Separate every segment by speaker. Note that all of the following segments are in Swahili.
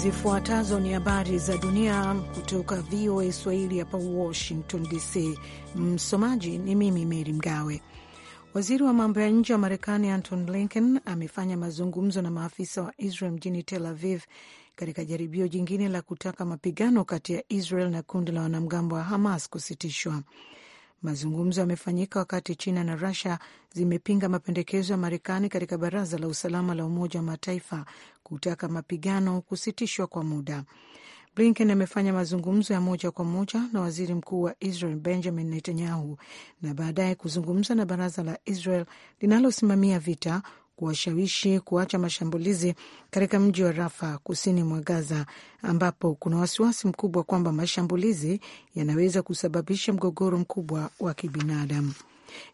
Speaker 1: Zifuatazo ni habari za dunia kutoka VOA Swahili hapa Washington DC. Msomaji ni mimi Meri Mgawe. Waziri wa mambo ya nje wa Marekani Anton Blinken amefanya mazungumzo na maafisa wa Israel mjini Tel Aviv katika jaribio jingine la kutaka mapigano kati ya Israel na kundi la wanamgambo wa Hamas kusitishwa. Mazungumzo yamefanyika wakati China na Rusia zimepinga mapendekezo ya Marekani katika Baraza la Usalama la Umoja wa Mataifa kutaka mapigano kusitishwa kwa muda. Blinken amefanya mazungumzo ya moja kwa moja na waziri mkuu wa Israel Benjamin Netanyahu na baadaye kuzungumza na baraza la Israel linalosimamia vita kuwashawishi kuacha mashambulizi katika mji wa Rafa kusini mwa Gaza, ambapo kuna wasiwasi mkubwa kwamba mashambulizi yanaweza kusababisha mgogoro mkubwa wa kibinadamu.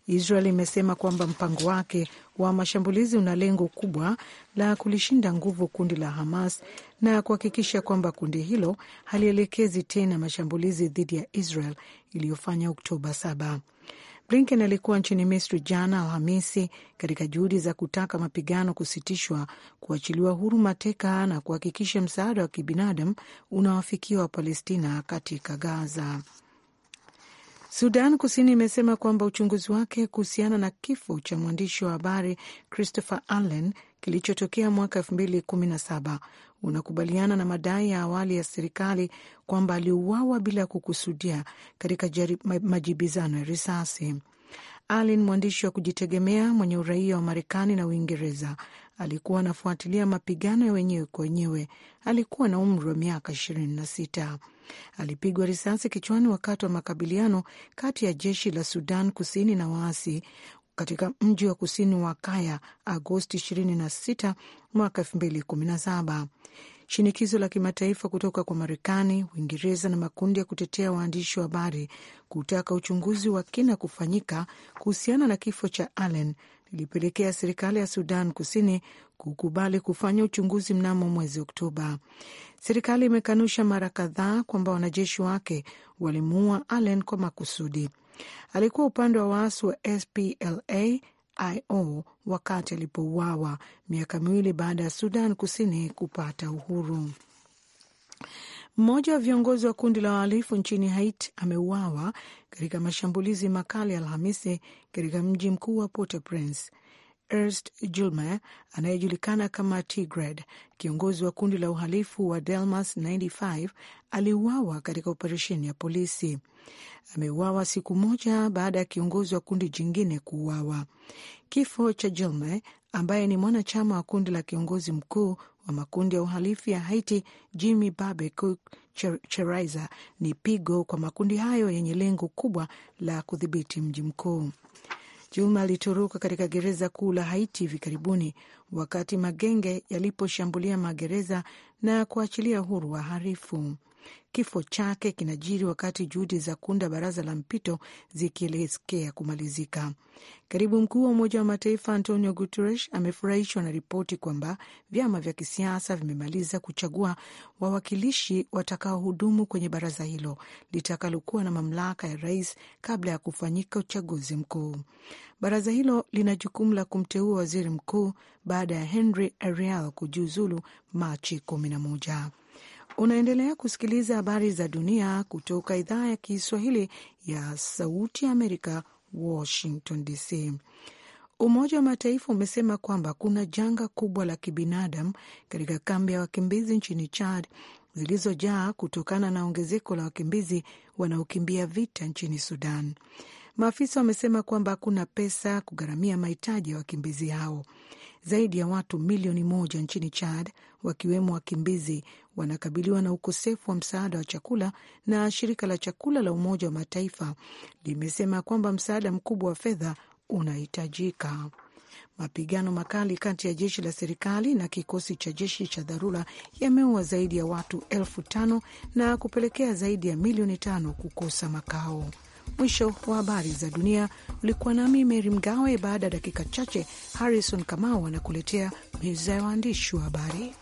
Speaker 1: Israel imesema kwamba mpango wake wa mashambulizi una lengo kubwa la kulishinda nguvu kundi la Hamas na kuhakikisha kwamba kundi hilo halielekezi tena mashambulizi dhidi ya Israel iliyofanya Oktoba saba. Blinken alikuwa nchini Misri jana Alhamisi katika juhudi za kutaka mapigano kusitishwa, kuachiliwa huru mateka na kuhakikisha msaada wa kibinadamu unawafikia Wapalestina katika Gaza. Sudan Kusini imesema kwamba uchunguzi wake kuhusiana na kifo cha mwandishi wa habari Christopher Allen kilichotokea mwaka saba unakubaliana na madai ya awali ya serikali kwamba aliuawa bila kukusudia katika majibizano ya risasi. Allen, mwandishi wa kujitegemea mwenye uraia wa Marekani na Uingereza, alikuwa anafuatilia mapigano ya wenyewe kwa wenyewe. Alikuwa na umri wa miaka 26 alipigwa risasi kichwani wakati wa makabiliano kati ya jeshi la Sudan Kusini na waasi katika mji wa kusini wa Kaya Agosti 26 mwaka 2017. Shinikizo la kimataifa kutoka kwa Marekani, Uingereza na makundi ya kutetea waandishi wa habari kutaka uchunguzi wa kina kufanyika kuhusiana na kifo cha Allen lilipelekea serikali ya Sudan Kusini kukubali kufanya uchunguzi mnamo mwezi Oktoba. Serikali imekanusha mara kadhaa kwamba wanajeshi wake walimuua Allen kwa makusudi. Alikuwa upande wa waasi wa SPLA IO wakati alipouawa miaka miwili baada ya Sudan Kusini kupata uhuru. Mmoja wa viongozi wa kundi la wahalifu nchini Haiti ameuawa katika mashambulizi makali ya Alhamisi katika mji mkuu wa Port-au-Prince. Ernest Julmer anayejulikana kama Tigred, kiongozi wa kundi la uhalifu wa Delmas 95 aliuawa katika operesheni ya polisi. Ameuawa siku moja baada ya kiongozi wa kundi jingine kuuawa. Kifo cha Julmer ambaye ni mwanachama wa kundi la kiongozi mkuu wa makundi ya uhalifu ya Haiti, Jimmy Barbe Cheriza ni pigo kwa makundi hayo yenye lengo kubwa la kudhibiti mji mkuu. Juma alitoroka katika gereza kuu la Haiti hivi karibuni wakati magenge yaliposhambulia magereza na kuachilia huru wahalifu. Kifo chake kinajiri wakati juhudi za kuunda baraza la mpito zikielekea kumalizika. karibu mkuu wa Umoja wa Mataifa Antonio Guterres amefurahishwa na ripoti kwamba vyama vya kisiasa vimemaliza kuchagua wawakilishi watakaohudumu kwenye baraza hilo litakalokuwa na mamlaka ya rais kabla ya kufanyika uchaguzi mkuu. Baraza hilo lina jukumu la kumteua waziri mkuu baada ya Henry Ariel kujiuzulu Machi kumi na moja. Unaendelea kusikiliza habari za dunia kutoka idhaa ya Kiswahili ya Sauti ya Amerika, Washington DC. Umoja wa Mataifa umesema kwamba kuna janga kubwa la kibinadamu katika kambi ya wakimbizi nchini Chad zilizojaa kutokana na ongezeko la wakimbizi wanaokimbia vita nchini Sudan. Maafisa wamesema kwamba hakuna pesa kugharamia mahitaji ya wakimbizi hao. Zaidi ya watu milioni moja nchini Chad, wakiwemo wakimbizi wanakabiliwa na ukosefu wa msaada wa chakula, na shirika la chakula la Umoja wa Mataifa limesema kwamba msaada mkubwa wa fedha unahitajika. Mapigano makali kati ya jeshi la serikali na kikosi cha jeshi cha dharura yameua zaidi ya watu elfu tano na kupelekea zaidi ya milioni tano kukosa makao. Mwisho wa habari za dunia. Ulikuwa nami Meri Mgawe. Baada ya dakika chache, Harrison Kamau anakuletea meza ya waandishi wa habari.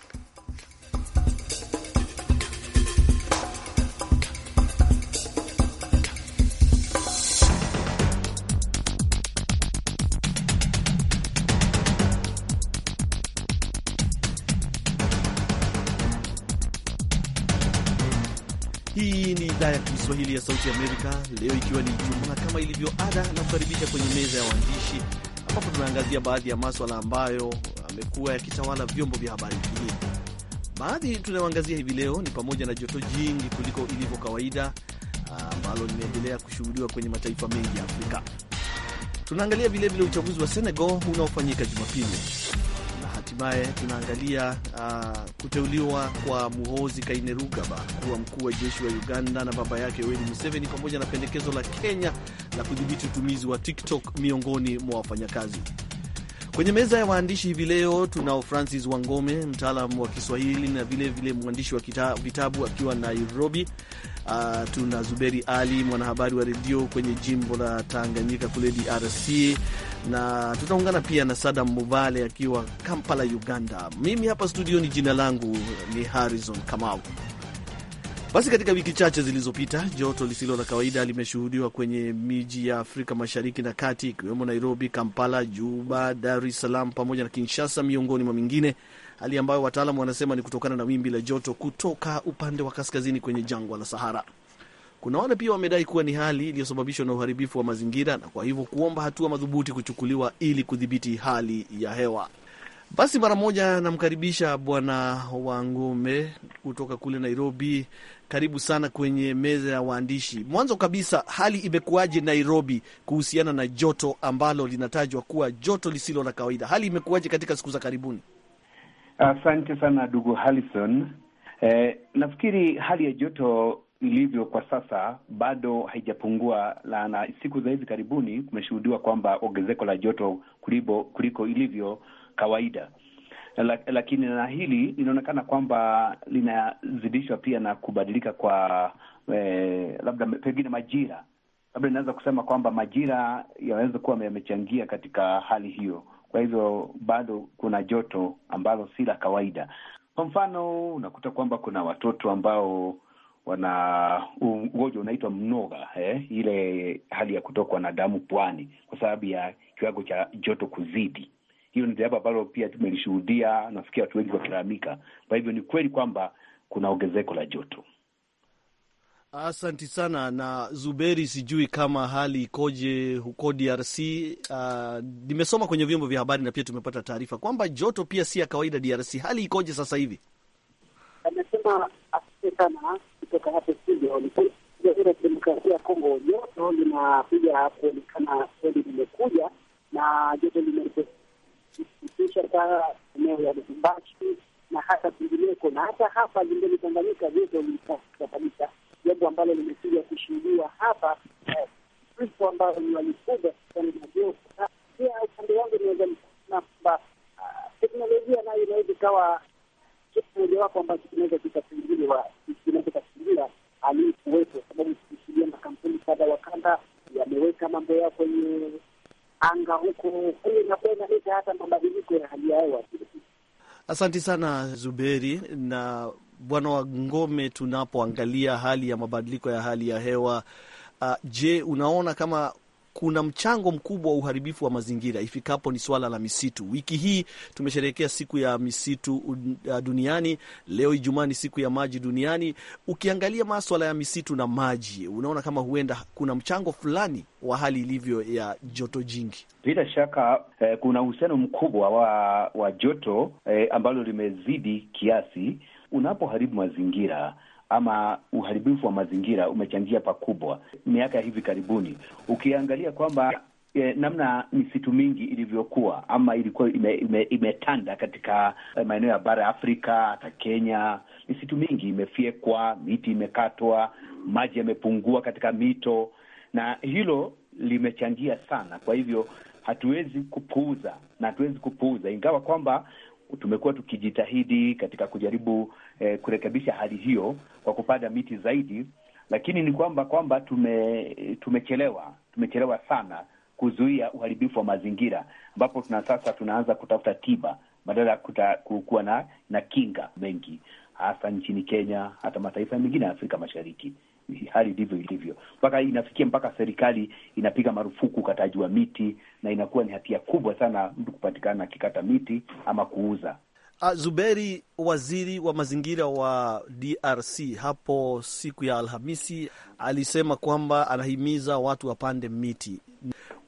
Speaker 2: Kiswahili ya Sauti Amerika leo ikiwa ni Ijumaa kama ilivyo ada, na kukaribisha kwenye meza ya waandishi ambapo tunaangazia baadhi ya maswala ambayo amekuwa yakitawala vyombo vya habari hii. Baadhi tunayoangazia hivi leo ni pamoja na joto jingi kuliko ilivyo kawaida ambalo limeendelea kushuhudiwa kwenye mataifa mengi ya Afrika. Tunaangalia vilevile uchaguzi wa Senegal unaofanyika Jumapili hatimaye tunaangalia uh, kuteuliwa kwa muhozi Kainerugaba kuwa mkuu wa jeshi wa Uganda na baba yake Yoweri Museveni, pamoja na pendekezo la Kenya la kudhibiti utumizi wa TikTok miongoni mwa wafanyakazi. Kwenye meza ya waandishi hivi leo tunao Francis Wangome, mtaalamu wa Kiswahili na vilevile mwandishi wa vitabu akiwa Nairobi. Uh, tuna Zuberi Ali, mwanahabari wa redio kwenye jimbo la Tanganyika kule DRC, na tutaungana pia na Sadam Muvale akiwa Kampala, Uganda. Mimi hapa studioni, jina langu ni Harrison Kamau. Basi katika wiki chache zilizopita joto lisilo la kawaida limeshuhudiwa kwenye miji ya Afrika Mashariki na Kati, ikiwemo Nairobi, Kampala, Juba, Dar es Salaam pamoja na Kinshasa, miongoni mwa mingine, hali ambayo wataalamu wanasema ni kutokana na wimbi la joto kutoka upande wa kaskazini kwenye jangwa la Sahara. Kuna wale pia wamedai kuwa ni hali iliyosababishwa na uharibifu wa mazingira na kwa hivyo kuomba hatua madhubuti kuchukuliwa ili kudhibiti hali ya hewa. Basi mara moja namkaribisha Bwana Wangome kutoka kule Nairobi. Karibu sana kwenye meza ya waandishi. Mwanzo kabisa, hali imekuwaje Nairobi kuhusiana na joto ambalo linatajwa kuwa joto lisilo la kawaida? Hali imekuwaje katika siku za karibuni? Asante sana ndugu Harrison. Eh, nafikiri hali ya joto ilivyo kwa sasa
Speaker 3: bado haijapungua, na siku za hivi karibuni kumeshuhudiwa kwamba ongezeko la joto kuliko ilivyo kawaida. Lakini na hili linaonekana kwamba linazidishwa pia na kubadilika kwa eh, labda pengine majira, labda inaweza kusema kwamba majira yanaweza kuwa yamechangia katika hali hiyo. Kwa hivyo bado kuna joto ambalo si la kawaida. Kwa mfano, unakuta kwamba kuna watoto ambao wana ugonjwa unaitwa mnoga eh, ile hali ya kutokwa na damu pwani kwa sababu ya kiwango cha joto kuzidi. Hiyo ni jambo ambalo pia tumelishuhudia, nafikiri watu wengi wakilalamika. Kwa hivyo ni kweli kwamba kuna ongezeko la joto.
Speaker 2: Asanti sana. Na Zuberi, sijui kama hali ikoje huko DRC. Uh, ah, nimesoma kwenye vyombo vya habari na pia tumepata taarifa kwamba joto pia si ya kawaida DRC. Hali ikoje sasa hivi?
Speaker 3: Amesema asante sana kutoka hapo studio. Jamhuri ya Kidemokrasia ya Kongo, joto linakuja kuonekana kweli, limekuja na joto lime kufikisha taa eneo ya Lubumbashi na hata kwingineko na hata hapa jimboni Tanganyika vyote ulikaa kabisa, jambo ambalo limekuja kushuhudiwa hapa vifo eh, ambayo ni walikuja kutokana na joto. Pia upande wangu inaweza kusema kwamba ah, teknolojia nayo inaweza ikawa kitu mojawapo ambacho kinaweza kika
Speaker 2: Asanti sana Zuberi na Bwana wa Ngome. Tunapoangalia hali ya mabadiliko ya hali ya hewa, uh, je, unaona kama kuna mchango mkubwa wa uharibifu wa mazingira ifikapo ni swala la misitu. Wiki hii tumesherehekea siku ya misitu uh, duniani, leo Ijumaa ni siku ya maji duniani. Ukiangalia maswala ya misitu na maji, unaona kama huenda kuna mchango fulani wa hali ilivyo ya joto jingi. Bila
Speaker 3: shaka eh, kuna uhusiano mkubwa wa, wa joto eh, ambalo limezidi kiasi unapoharibu mazingira ama uharibifu wa mazingira umechangia pakubwa miaka ya hivi karibuni, ukiangalia kwamba E, namna misitu mingi ilivyokuwa ama ilikuwa imetanda ime, ime katika eh, maeneo ya bara ya Afrika, hata Kenya, misitu mingi imefyekwa, miti imekatwa, maji yamepungua katika mito, na hilo limechangia sana. Kwa hivyo hatuwezi kupuuza na hatuwezi kupuuza, ingawa kwamba tumekuwa tukijitahidi katika kujaribu eh, kurekebisha hali hiyo kwa kupanda miti zaidi, lakini ni kwamba kwamba tume, tumechelewa tumechelewa sana kuzuia uharibifu wa mazingira, ambapo tuna sasa tunaanza kutafuta tiba badala ya kuwa na, na kinga mengi, hasa nchini Kenya, hata mataifa mengine ya Afrika Mashariki hali ndivyo ilivyo, mpaka inafikia mpaka serikali inapiga marufuku ukataji wa miti, na inakuwa ni hatia kubwa sana mtu kupatikana akikata miti ama kuuza.
Speaker 2: Ah, Zuberi, waziri wa mazingira wa DRC, hapo siku ya Alhamisi alisema kwamba anahimiza watu wapande miti.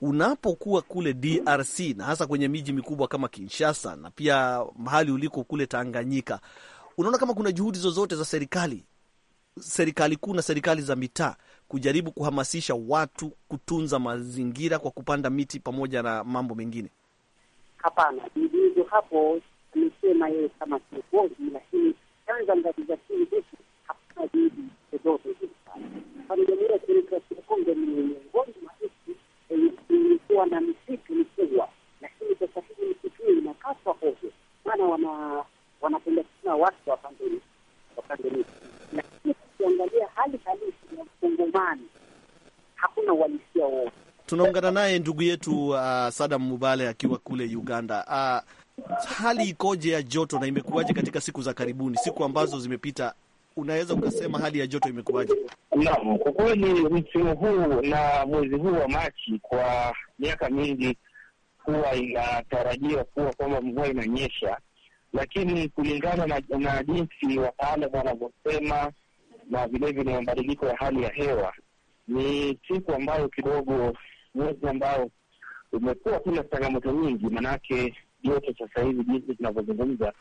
Speaker 2: Unapokuwa kule DRC na hasa kwenye miji mikubwa kama Kinshasa na pia mahali uliko kule Tanganyika, unaona kama kuna juhudi zozote za serikali, serikali kuu na serikali za mitaa kujaribu kuhamasisha watu kutunza mazingira kwa kupanda miti pamoja na mambo mengine?
Speaker 3: Hapana, ndio hapo amesema yeye kama kiongozi, lakini kwanza ngazi za chini vitu hakuna juhudi zozote hivi sasa. Jamhuri ya Kidemokrasia ya Kongo ni miongoni mwa nchi ilikuwa na misitu mikubwa, lakini sasa hivi misitu hiyo inakatwa hovyo, maana wana wanapenda sana watu wapande wapande miti, lakini ukiangalia
Speaker 4: hali halisi ya Mkongomani
Speaker 3: hakuna
Speaker 2: uhalisia wowote. Tunaungana naye ndugu yetu uh, Sadam Mubale akiwa kule Uganda. Uh, hali ikoje ya joto na imekuwaje katika siku za karibuni, siku ambazo zimepita? Unaweza ukasema hali ya joto imekuwaje? Naam, kwa kweli msimu huu na mwezi huu wa Machi kwa miaka mingi
Speaker 3: huwa inatarajiwa kuwa kwamba mvua inanyesha, lakini kulingana na, na jinsi wataalam wanavyosema na vilevile mabadiliko ya hali ya hewa, ni siku ambayo kidogo, mwezi ambao umekuwa kuna changamoto nyingi, manake joto sasa hivi, jinsi tunavyozungumza,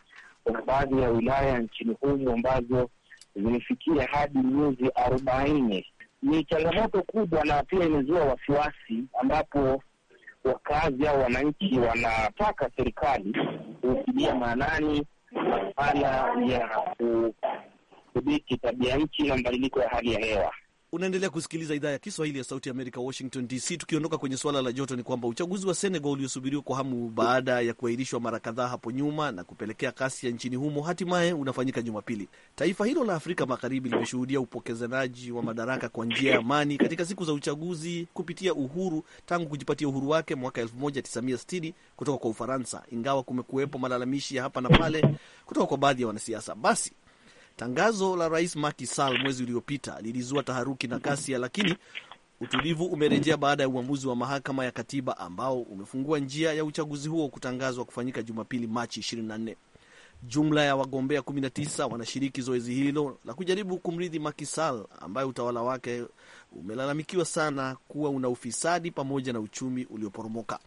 Speaker 3: kuna baadhi ya wilaya nchini humu ambazo zimefikia hadi nyuzi arobaini. Ni changamoto kubwa na pia imezua wasiwasi, ambapo wakazi au wananchi wanataka serikali kuutilia maanani masuala ya kudhibiti tabia nchi na mabadiliko ya hali ya hewa.
Speaker 2: Unaendelea kusikiliza idhaa ya Kiswahili ya Sauti ya Amerika, Washington DC. Tukiondoka kwenye suala la joto, ni kwamba uchaguzi wa Senegal uliosubiriwa kwa hamu baada ya kuahirishwa mara kadhaa hapo nyuma na kupelekea kasi ya nchini humo, hatimaye unafanyika Jumapili. Taifa hilo la Afrika Magharibi limeshuhudia upokezanaji wa madaraka kwa njia ya amani katika siku za uchaguzi kupitia uhuru tangu kujipatia uhuru wake mwaka 1960 kutoka kwa Ufaransa, ingawa kumekuwepo malalamishi ya hapa na pale kutoka kwa baadhi ya wanasiasa. Basi Tangazo la Rais Macky Sall mwezi uliopita lilizua taharuki na ghasia, lakini utulivu umerejea baada ya uamuzi wa mahakama ya katiba ambao umefungua njia ya uchaguzi huo kutangazwa kufanyika Jumapili, Machi 24. Jumla ya wagombea 19 wanashiriki zoezi hilo la kujaribu kumrithi Macky Sall ambaye utawala wake umelalamikiwa sana kuwa una ufisadi pamoja na uchumi ulioporomoka.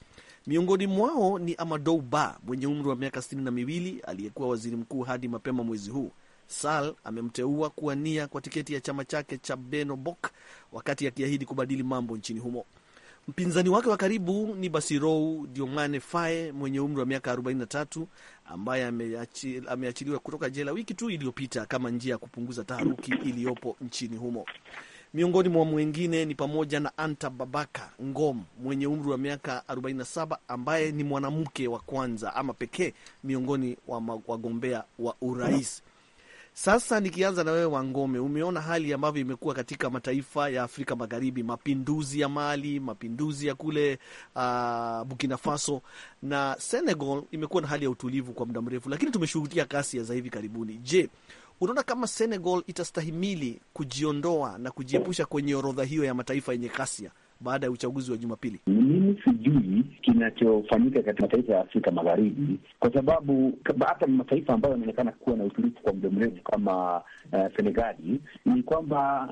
Speaker 2: Miongoni mwao ni Amadou Ba mwenye umri wa miaka sitini na miwili aliyekuwa waziri mkuu hadi mapema mwezi huu Sal amemteua kuwa nia kwa tiketi ya chama chake cha Beno Bok wakati akiahidi kubadili mambo nchini humo. Mpinzani wake wa karibu ni Basirou Diomane Faye mwenye umri wa miaka 43 ambaye ameachiliwa kutoka jela wiki tu iliyopita kama njia ya kupunguza taharuki iliyopo nchini humo. Miongoni mwa mwengine ni pamoja na Anta Babaka Ngom mwenye umri wa miaka 47 ambaye ni mwanamke wa kwanza ama pekee miongoni wa wagombea wa urais. Sasa nikianza na wewe Wangome, umeona hali ambavyo imekuwa katika mataifa ya Afrika Magharibi, mapinduzi ya Mali, mapinduzi ya kule uh, Burkina Faso na Senegal imekuwa na hali ya utulivu kwa muda mrefu, lakini tumeshuhudia kasi za hivi karibuni. Je, unaona kama Senegal itastahimili kujiondoa na kujiepusha kwenye orodha hiyo ya mataifa yenye kasia baada ya uchaguzi wa Jumapili?
Speaker 3: Mimi sijui kinachofanyika katika mataifa ya Afrika Magharibi, kwa sababu hata mataifa ambayo yanaonekana kuwa na utulivu kwa muda mrefu kama uh, Senegali ni kwamba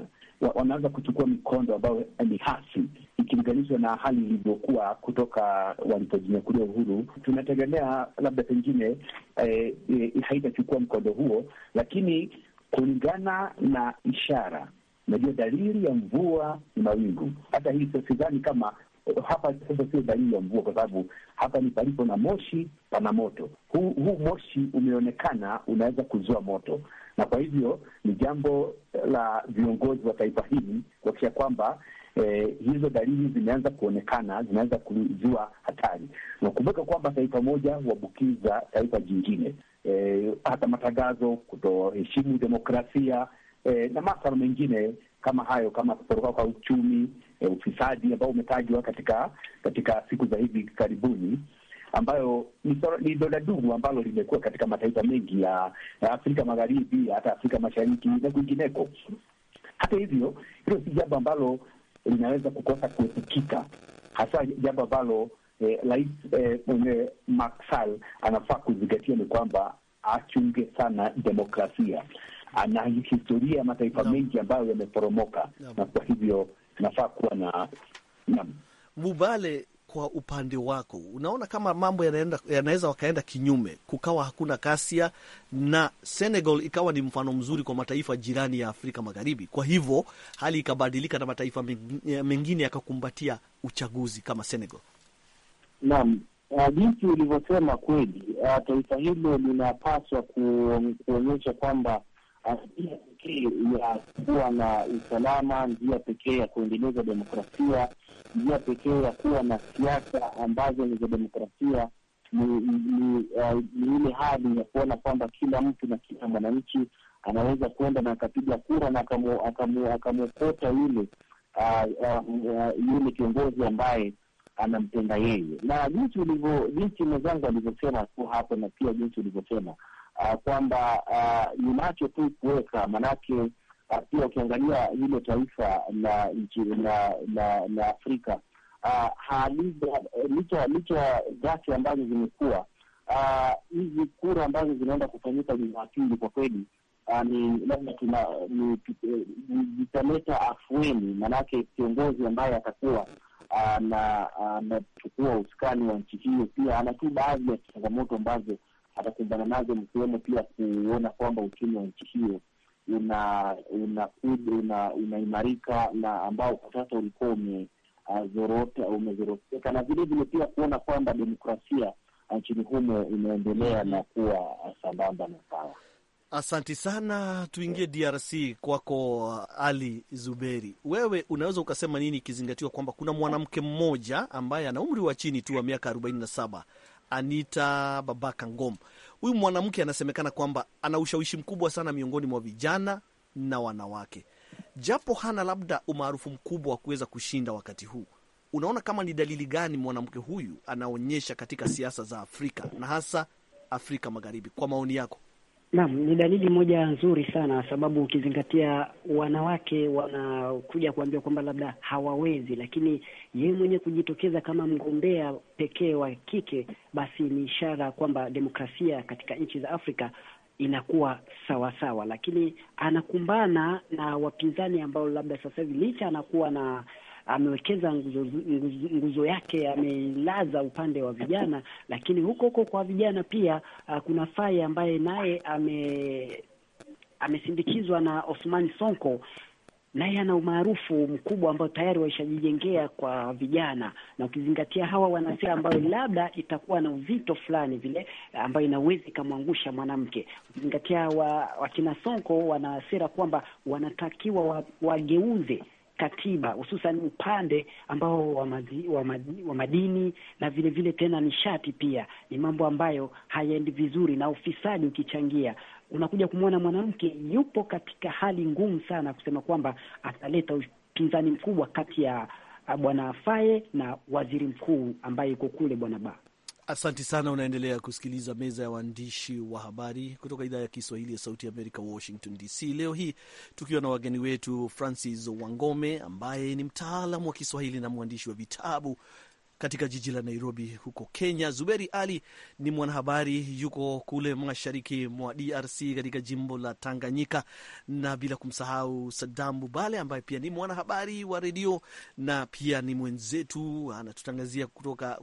Speaker 3: wanaanza kuchukua mikondo ambayo ni hasi ikilinganishwa na hali ilivyokuwa kutoka walipojinyakulia uhuru. Tunategemea labda pengine eh, eh, haitachukua mkondo huo, lakini kulingana na ishara Najua dalili ya mvua ni mawingu. Hata hii sidhani kama eh, hapa sasa sio dalili ya mvua, kwa sababu hapa ni palipo na moshi, pana moto. Huu hu, moshi umeonekana unaweza kuzua moto, na kwa hivyo ni jambo eh, la viongozi wa taifa hili kuakisha kwamba Eh, hizo dalili zimeanza kuonekana, zinaweza kuzua hatari. Nakumbuka kwamba taifa moja wabukiza taifa jingine. Eh, hata matangazo, kutoheshimu demokrasia, eh, na maswala mengine kama hayo, kama kuporoka kwa uchumi eh, ufisadi ambao umetajwa katika katika siku za hivi karibuni, ambayo ni dola dugu ambalo limekuwa katika mataifa mengi ya, ya Afrika Magharibi, hata Afrika Mashariki na kwingineko. Hata hivyo, hilo si jambo ambalo linaweza kukosa kuepukika, hasa jambo ambalo eh, Rais eh, eh, Macky Sall anafaa kuzingatia ni kwamba achunge sana demokrasia ana ah, historia ya mataifa no. mengi ambayo yameporomoka no. na kwa hivyo nafaa kuwa na, na
Speaker 2: Mubale, kwa upande wako unaona kama mambo yanaweza wakaenda kinyume, kukawa hakuna kasia na Senegal ikawa ni mfano mzuri kwa mataifa jirani ya Afrika Magharibi, kwa hivyo hali ikabadilika na mataifa mengine yakakumbatia uchaguzi kama Senegal.
Speaker 3: Naam, ah, jinsi ulivyosema kweli, ah, taifa hilo linapaswa kuonyesha kwamba njia pekee ya kuwa na usalama, njia pekee ya kuendeleza demokrasia, njia pekee ya kuwa na siasa ambazo ni za demokrasia ni, ni, uh, ni ile hali ya kuona kwamba kila mtu na kila mwananchi anaweza kwenda na akapiga kura na akamwokota yule yule kiongozi ambaye anampenda yeye, na jinsi ulivyo, jinsi mwenzangu alivyosema tu hapo na pia jinsi ulivyosema uh, kwamba uh, ni macho tu kuweka manake ah, pia ukiangalia hilo taifa la nchi na, na, la Afrika licha gasi ambazo zimekuwa hizi kura ambazo zinaenda kufanyika Jumapili, kwa kweli ni labda tuna zitaleta afueni, maanake kiongozi ambaye atakuwa anachukua usukani wa nchi hiyo pia anatu baadhi ya changamoto ambazo atakumbana nazo, nikiwemo pia kuona kwamba uchumi wa nchi hiyo unaimarika una, una na ambao kwa sasa ulikuwa uh, umezoroteka, na vilevile pia kuona kwamba demokrasia uh, nchini humo imeendelea na kuwa uh, sambamba na sawa.
Speaker 2: Asanti sana, tuingie DRC kwako uh, Ali Zuberi. Wewe unaweza ukasema nini ikizingatiwa kwamba kuna mwanamke mmoja ambaye ana umri wa chini tu wa miaka arobaini na saba Anita Babaka Ngom Huyu mwanamke anasemekana kwamba ana ushawishi mkubwa sana miongoni mwa vijana na wanawake, japo hana labda umaarufu mkubwa wa kuweza kushinda wakati huu. Unaona kama ni dalili gani mwanamke huyu anaonyesha katika siasa za Afrika na hasa Afrika Magharibi, kwa maoni yako?
Speaker 4: Naam, ni dalili moja nzuri sana sababu ukizingatia wanawake wanakuja kuambia kwamba labda hawawezi, lakini yeye mwenye kujitokeza kama mgombea pekee wa kike, basi ni ishara kwamba demokrasia katika nchi za Afrika inakuwa sawa sawa, lakini anakumbana na wapinzani ambao labda sasa hivi licha anakuwa na amewekeza nguzo, nguzo, nguzo yake ameilaza upande wa vijana, lakini huko huko kwa vijana pia uh, kuna Faye ambaye naye ame amesindikizwa na osmani Sonko naye ana umaarufu mkubwa ambao tayari waishajijengea kwa vijana, na ukizingatia hawa wanasera ambayo labda itakuwa na uzito fulani vile ambayo inaweza ikamwangusha mwanamke, ukizingatia wakina wa Sonko wanasera kwamba wanatakiwa wageuze wa katiba hususan upande ambao wa, mazi, wa, madi, wa madini na vile vile tena nishati pia ni mambo ambayo hayaendi vizuri, na ufisadi ukichangia, unakuja kumwona mwanamke yupo katika hali ngumu sana, kusema kwamba ataleta upinzani mkubwa kati ya uh, bwana afaye na waziri mkuu ambaye yuko kule bwana Ba.
Speaker 2: Asanti sana. Unaendelea kusikiliza meza ya waandishi wa habari kutoka idhaa ya Kiswahili ya Sauti ya Amerika, Washington DC. Leo hii tukiwa na wageni wetu Francis Wangome ambaye ni mtaalamu wa Kiswahili na mwandishi wa vitabu katika jiji la Nairobi huko Kenya. Zuberi Ali ni mwanahabari yuko kule mashariki mwa DRC katika jimbo la Tanganyika, na bila kumsahau Sadam Bubale ambaye pia ni mwanahabari wa redio na pia ni mwenzetu, anatutangazia kutoka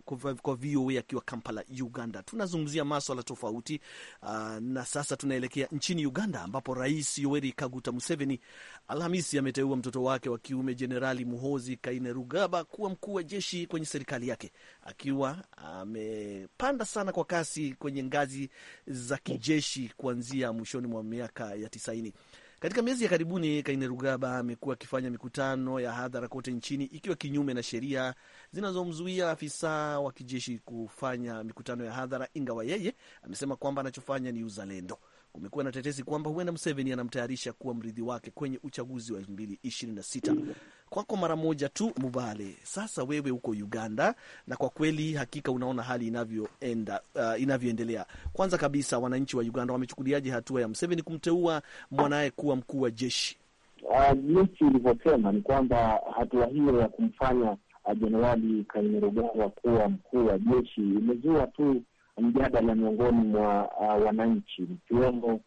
Speaker 2: kwa VOA akiwa Kampala, Uganda. Tunazungumzia maswala tofauti, uh, na sasa tunaelekea nchini Uganda ambapo Rais Yoweri Kaguta Museveni Alhamisi ameteua mtoto wake wa kiume Jenerali Muhozi Kainerugaba kuwa mkuu wa jeshi kwenye serikali serikali yake, akiwa amepanda sana kwa kasi kwenye ngazi za kijeshi kuanzia mwishoni mwa miaka ya tisaini. Katika miezi ya karibuni Kainerugaba amekuwa akifanya mikutano ya hadhara kote nchini ikiwa kinyume na sheria zinazomzuia afisa wa kijeshi kufanya mikutano ya hadhara, ingawa yeye amesema kwamba anachofanya ni uzalendo. Kumekuwa na tetesi kwamba huenda Museveni anamtayarisha kuwa mrithi wake kwenye uchaguzi wa 2026 kwako mara moja tu Mubale. Sasa wewe uko Uganda na kwa kweli hakika unaona hali inavyoenda, uh, inavyoendelea. Kwanza kabisa wananchi wa Uganda wamechukuliaje hatua ya Mseveni kumteua mwanaye kuwa mkuu wa jeshi? Uh, ilivyosema ni kwamba hatua hiyo ya kumfanya uh, Jenerali Kainerugaba kuwa mkuu wa jeshi
Speaker 3: imezua tu mjadala miongoni mwa uh, wananchi mkiwemo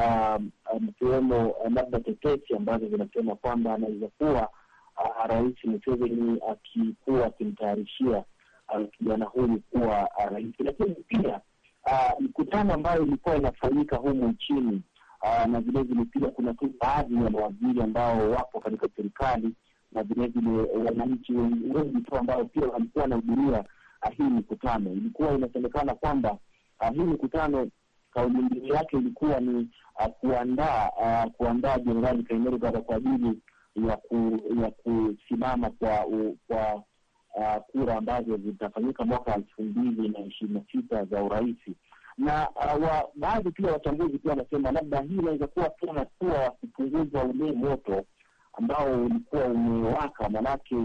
Speaker 3: uh, mkiwemo um, um, labda tetesi ambazo zinasema kwamba anaweza kuwa Ah, rais Museveni akikuwa akimtayarishia ah, kijana huyu kuwa ah, rais. Lakini pia mkutano ambayo ilikuwa inafanyika humu nchini na vilevile pia kuna tu baadhi ya mawaziri ambao wapo katika serikali na vilevile wananchi wengi tu ambao pia walikuwa wanahudhuria hii mikutano. Ilikuwa inasemekana kwamba hii mikutano kauli mbiu yake ilikuwa ni kuandaa kuandaa Jenerali Kainerugaba kwa ajili ya ku, ya kusimama kwa u, kwa uh, kura ambazo zitafanyika mwaka elfu mbili na ishirini na sita za urais na uh, baadhi pia wachambuzi pia wanasema labda hii inaweza kuwa pia hatua ya kupunguza ule moto ambao ulikuwa umewaka, manake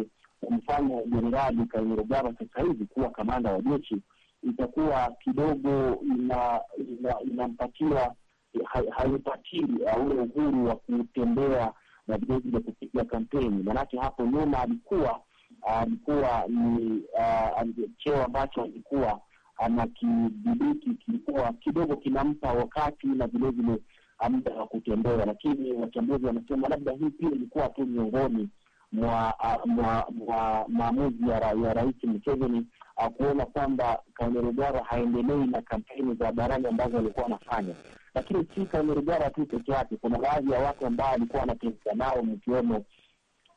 Speaker 3: mfano Jenerali Kainerugaba sasa hivi kuwa kamanda wa jeshi itakuwa kidogo inampatia haipatii ule uhuru wa kutembea na vilevile kupiga kampeni, manake hapo nyuma alikuwa alikuwa ni ah, cheo ambacho alikuwa anakidhibiti kilikuwa kidogo kinampa wakati na vilevile muda wa kutembea, lakini wachambuzi wanasema labda hii pia ilikuwa tu miongoni mwa ah, maamuzi ya Rais Museveni Uh, kuona kwamba Kainerugara haendelei na kampeni za barani ambazo alikuwa anafanya. Lakini si Kainerugara tu peke yake, kuna baadhi ya watu ambao alikuwa anapinzana nao, mkiwemo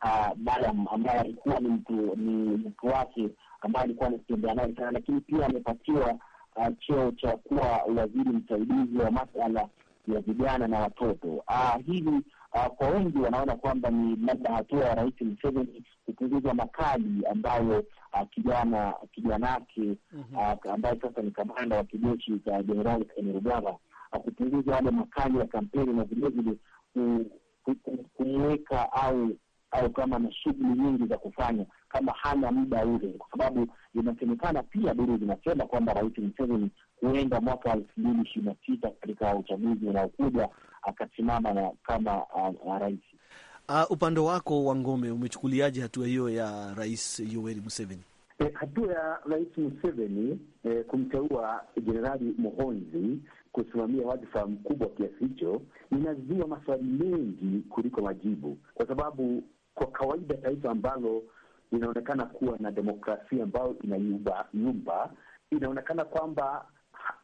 Speaker 3: uh, Badam ambaye alikuwa ni mtu ni mtu wake ambaye alikuwa anatembea naye sana, lakini pia amepatiwa uh, cheo cha kuwa waziri msaidizi wa masala ya vijana na watoto. hivi kwa wengi wanaona kwamba ni labda hatua ya Rais Museveni kupunguza makali ambayo kijana kijanake mhm. ambaye sasa ni kamanda wa kijeshi cha Jenerali Kainerugaba akupunguza yale makali ya kampeni na vilevile kumweka au au kama na shughuli nyingi za kufanya kama hana muda ule, kwa sababu inasemekana pia duru zinasema kwamba Rais Museveni huenda mwaka elfu mbili ishirini na sita katika uchaguzi unaokuja akasimama kama rais.
Speaker 2: Uh, upande wako wa Ngome, umechukuliaje hatua hiyo ya Rais Yoweri Museveni?
Speaker 3: E, hatua ya Rais Museveni e, kumteua Jenerali Muhonzi kusimamia wadhifa mkubwa wa kiasi hicho inazua maswali mengi kuliko majibu, kwa sababu kwa kawaida taifa ambalo linaonekana kuwa na demokrasia ambayo inayumba yumba, inaonekana kwamba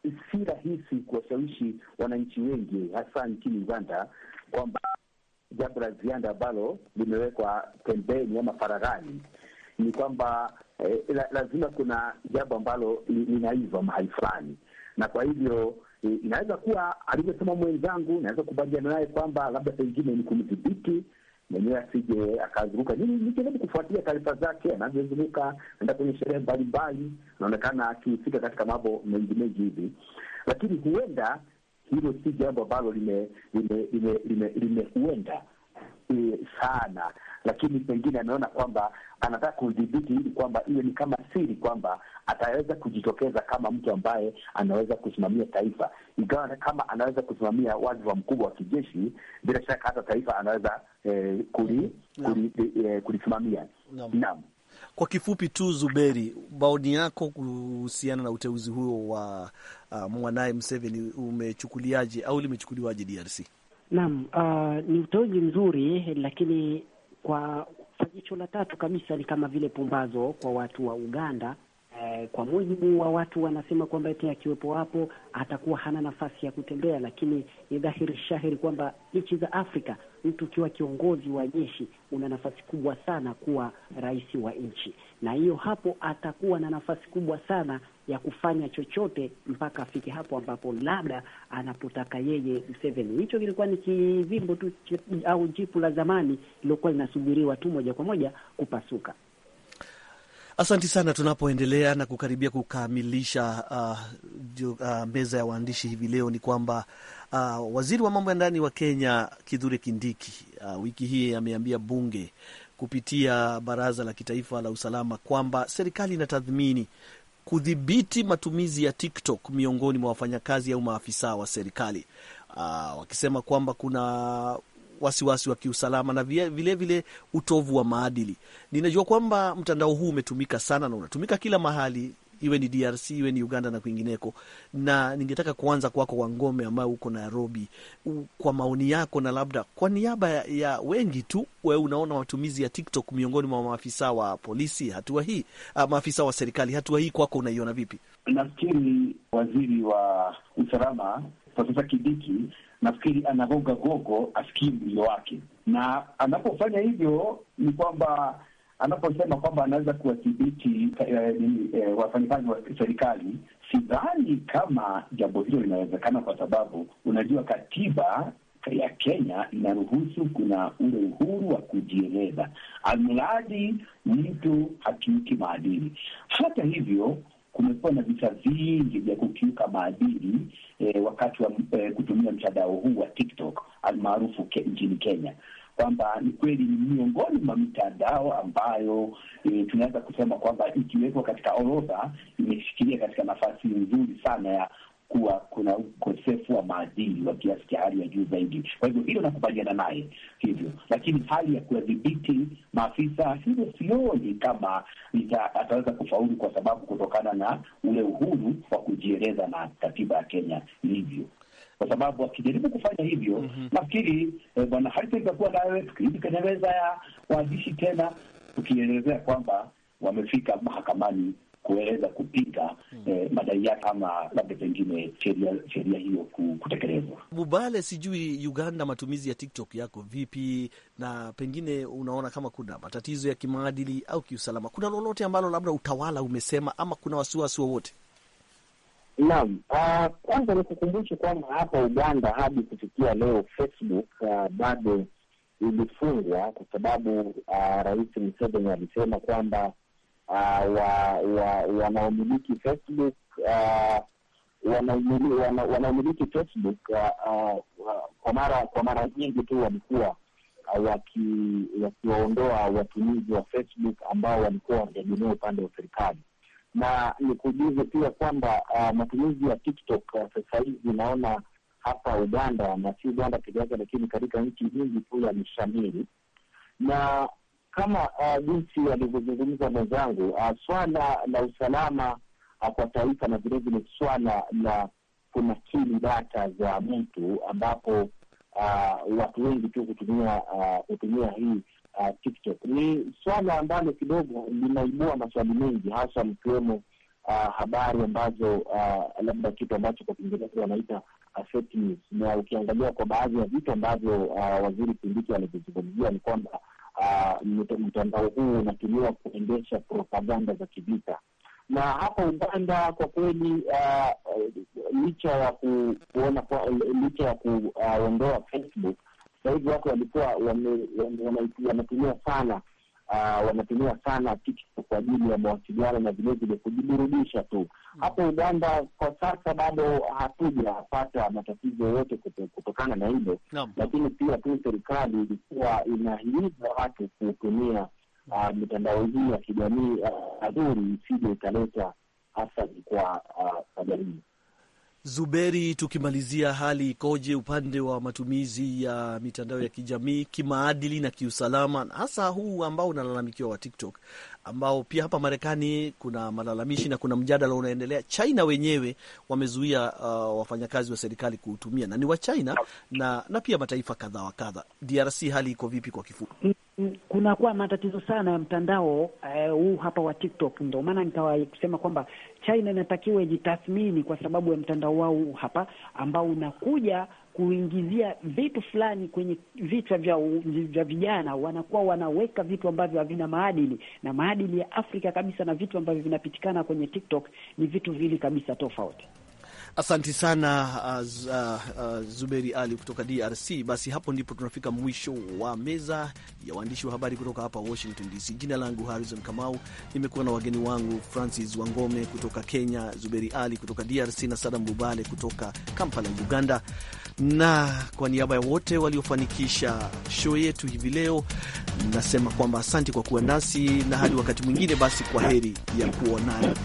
Speaker 3: si rahisi kuwashawishi wananchi wengi, hasa nchini Uganda, kwamba jambo la ziada ambalo limewekwa pembeni ama faraghani ni kwamba eh, la, lazima kuna jambo ambalo linaiva mahali fulani, na kwa hivyo eh, inaweza kuwa alivyosema mwenzangu, naweza kubaliana naye kwamba labda pengine ni kumdhibiti mwenyewe asije akazunguka. Nijaribu kufuatilia taarifa zake anavyozunguka, aenda kwenye sherehe mbalimbali, anaonekana akihusika katika mambo mengi mengi hivi, lakini huenda hilo si jambo ambalo lime- limehuenda lime, lime, lime e, sana, lakini pengine ameona kwamba anataka kudhibiti ili kwamba iwe ni kama siri kwamba ataweza kujitokeza kama mtu ambaye anaweza kusimamia taifa, ingawa kama anaweza kusimamia wadhifa mkubwa wa kijeshi, bila shaka hata taifa anaweza eh, kulisimamia kuli, eh, kulisimamia.
Speaker 2: Naam. Kwa kifupi tu, Zuberi, maoni yako kuhusiana na uteuzi huo wa uh, mwanaye Mseveni umechukuliaje au limechukuliwaje DRC?
Speaker 4: Naam, uh, ni uteuzi mzuri, lakini kwa jicho la tatu kabisa ni kama vile pumbazo kwa watu wa Uganda. Eh, kwa mujibu wa watu wanasema kwamba eti akiwepo hapo atakuwa hana nafasi ya kutembea, lakini ni dhahiri shahiri kwamba nchi za Afrika mtu ukiwa kiongozi wa jeshi una nafasi kubwa sana kuwa rais wa nchi, na hiyo hapo atakuwa na nafasi kubwa sana ya kufanya chochote mpaka afike hapo ambapo labda anapotaka yeye Museveni. Hicho kilikuwa ni kivimbo tu au jipu la zamani lilokuwa linasubiriwa tu moja kwa moja kupasuka.
Speaker 2: Asanti sana. Tunapoendelea na kukaribia kukamilisha uh, uh, meza ya waandishi hivi leo, ni kwamba uh, waziri wa mambo ya ndani wa Kenya Kithure Kindiki uh, wiki hii ameambia bunge kupitia baraza la kitaifa la usalama kwamba serikali inatathmini kudhibiti matumizi ya TikTok miongoni mwa wafanyakazi au maafisa wa serikali uh, wakisema kwamba kuna wasiwasi wa kiusalama na vilevile vile utovu wa maadili. Ninajua kwamba mtandao huu umetumika sana na unatumika kila mahali, iwe ni DRC iwe ni Uganda na kwingineko, na ningetaka kuanza kwako Wangome, ambayo uko Nairobi. Kwa maoni yako na labda kwa niaba ya wengi tu, wewe unaona matumizi ya TikTok miongoni mwa maafisa wa polisi, hatua hii, maafisa wa serikali, hatua hii kwako unaiona vipi?
Speaker 3: Nafikiri waziri wa usalama sasa Kibiki nafikiri anagoga gogo asikii mlio wake, na anapofanya hivyo ni kwamba anaposema kwamba anaweza kuwadhibiti eh, eh, wafanyakazi wa serikali, sidhani kama jambo hilo linawezekana, kwa sababu unajua katiba ya Kenya inaruhusu kuna ule uhuru wa kujieleza, almradi mtu hakiuki maadili. Hata hivyo kumekuwa na visa vingi vya kukiuka maadili e, wakati wa e, kutumia mtandao huu wa TikTok almaarufu ke, nchini Kenya kwamba ni kweli ni miongoni mwa mitandao ambayo e, tunaweza kusema kwamba ikiwekwa katika orodha imeshikilia katika nafasi nzuri sana ya kuwa kuna ukosefu wa maadili wa kiasi cha hali ya juu zaidi. Kwa hivyo hilo nakubaliana naye hivyo, lakini hali ya kuwadhibiti maafisa, hilo sioni kama ataweza kufaulu, kwa sababu kutokana na ule uhuru wa kujieleza na katiba ya Kenya ilivyo kwa sababu akijaribu kufanya hivyo mm -hmm. eh, bwana itakuwa nawe tukirudi kwenye meza ya waandishi tena tukielezea kwamba wamefika mahakamani kuweza kupinga mm. eh, madai yake ama labda pengine sheria hiyo kutekelezwa.
Speaker 2: Bubale, sijui Uganda matumizi ya TikTok yako vipi, na pengine unaona kama kuna matatizo ya kimaadili au kiusalama, kuna lolote ambalo labda utawala umesema ama kuna wasiwasi wowote? Naam, uh, kwanza nikukumbushe kwamba hapa Uganda hadi kufikia leo
Speaker 3: Facebook uh, bado ilifungwa kwa sababu uh, Rais Museveni alisema kwamba Ah, wanaomiliki Facebook ah, wanaomiliki Facebook ah, kwa mara kwa mara nyingi tu walikuwa wakiwaondoa waki watumizi wa Facebook ambao walikuwa wanategemea upande wa serikali, na nikujuze pia kwamba uh, matumizi ya TikTok sasa uh, hivi naona hapa Uganda na si Uganda peke yake, lakini katika nchi nyingi tu yameshamiri na kama uh, jinsi alivyozungumza mwenzangu uh, swala la usalama uh, kwa taifa na vilevile swala la kunakili data za mtu ambapo uh, watu wengi tu hutumia uh, hutumia uh, hii uh, TikTok ni swala ambalo kidogo linaibua maswali mengi, hasa mkiwemo uh, habari ambazo uh, labda kitu ambacho kwa Kiingereza wanaita na ukiangalia kwa baadhi ya vitu ambavyo uh, waziri Kindiki alivyozungumzia ni kwamba uh, mtandao huu unatumiwa kuendesha propaganda za kivita na hapa Uganda kwa kweli uh, licha ya kuona licha ya kuondoa Facebook sasa hivi watu walikuwa wanatumia sana Ah, wanatumia sana TikTok kwa ajili ya mawasiliano na vilevile kujiburudisha tu. Hmm. Hapo Uganda kwa sasa bado hatujapata matatizo yote kutokana na hilo Lakini pia tu serikali ilikuwa inahimiza watu kutumia uh, mitandao hii ya kijamii uh, ah, azuri isije ikaleta hasa kwa
Speaker 2: uh, Zuberi, tukimalizia hali ikoje upande wa matumizi ya mitandao ya kijamii kimaadili na kiusalama, hasa huu ambao unalalamikiwa wa TikTok? ambao pia hapa Marekani kuna malalamishi na kuna mjadala unaendelea. China wenyewe wamezuia uh, wafanyakazi wa serikali kuutumia na ni wa China na, na pia mataifa kadha wa kadha. DRC hali iko vipi? Kwa kifupi,
Speaker 4: mm, mm, kunakuwa matatizo sana ya mtandao eh, huu uh, hapa wa TikTok. Ndio maana nikawahi kusema kwamba China inatakiwa ijitathmini kwa sababu ya mtandao wao hapa ambao unakuja kuingizia vitu fulani kwenye vichwa vya, vya vijana. Wanakuwa wanaweka vitu ambavyo havina maadili na maadili ya Afrika kabisa, na vitu ambavyo vinapitikana kwenye TikTok ni vitu vili kabisa tofauti.
Speaker 2: Asanti sana uh, uh, uh, Zuberi Ali kutoka DRC. Basi hapo ndipo tunafika mwisho wa meza ya waandishi wa habari kutoka hapa Washington DC. Jina langu Harrison Kamau, nimekuwa na wageni wangu Francis Wangome kutoka Kenya, Zuberi Ali kutoka DRC na Sadam Bubale kutoka Kampala, Uganda na kwa niaba ya wote waliofanikisha show yetu hivi leo, nasema kwamba asante kwa kuwa nasi na hadi wakati mwingine, basi kwa heri ya kuonana.